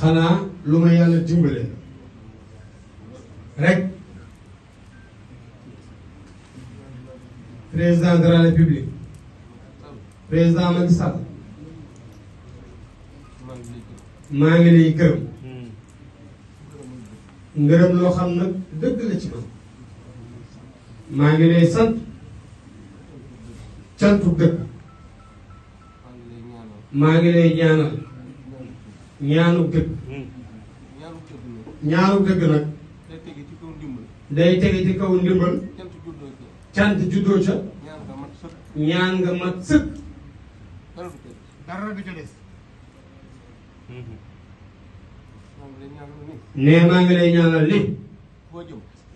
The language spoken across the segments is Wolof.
xanaa lu ma yàlla dimbale rek président de la république président Macky Sall maa ngi lay gërëm ngërëm loo xam nag dëgg la ci man maa ngi lay sant ñaanu dëgg ñaanu dëgg nag day tege ci kaw ndimbal cant juddoo ca ñaan nga mat sëkk li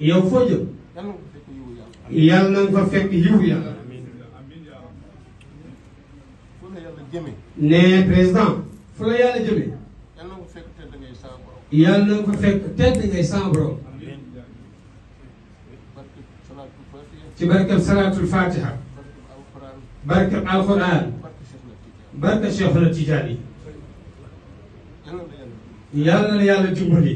yow foo jëm yàlla na nga fa fekk yiw yàlla nee yàlla na ko fekk tedd ngay sama borom ci barkeb salaatul fatiha barkeb alquran barke Cheikh na Tijaani yàlla na yàlla dimbali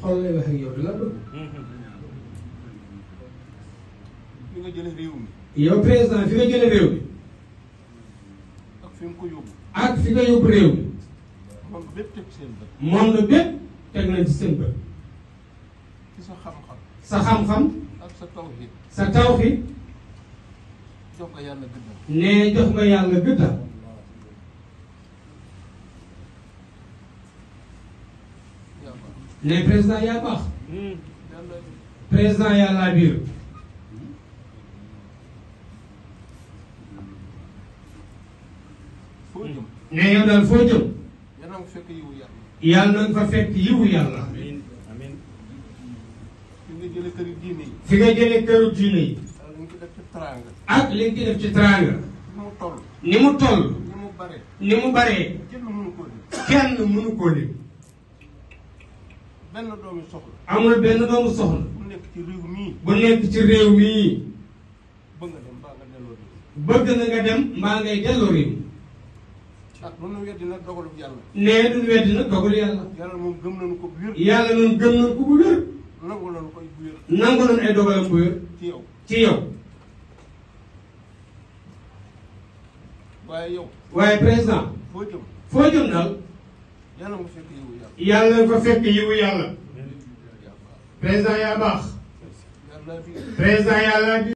xool lay wax ak yow la fi nga jëlee réew mi. yow président fi nga jëlee réew mi. ak fi nga ko yóbbu. ak nga yóbbu réew mi. monde bépp teg seen bët. monde bépp teg sa xam-xam. sa xam-xam. ak jox nga yàlla gëddal. nee jox nga yàlla gëddal. ne président yaa baax. Hmm. président ne yow daal foo jëm yàlla na fa fekk yiwu yàlla fi nga jëlee këru diine yi ak li nga def ci teraanga ni mu toll ni mu baree kenn mënu koo lim amul benn doomu soxla bu nekk ci réew mi bëgg na nga dem mbaa ngay delloo réew ah mën na weddi nag dogalu yàlla. nee duñ weddi nag gëm nañu ko bu wér. yàlla noonu gëm nañu ko bu wér. nangu nañu ko bu wér. nangu nañu ay dogalam bu wér. ci yow ci yow. waaye yow. waaye président. foo jëm foo jëm daal. yàlla nga fekk yiwu yàlla. yàlla nga ko fekk yiwu yàlla. président yaa baax. président yàlla.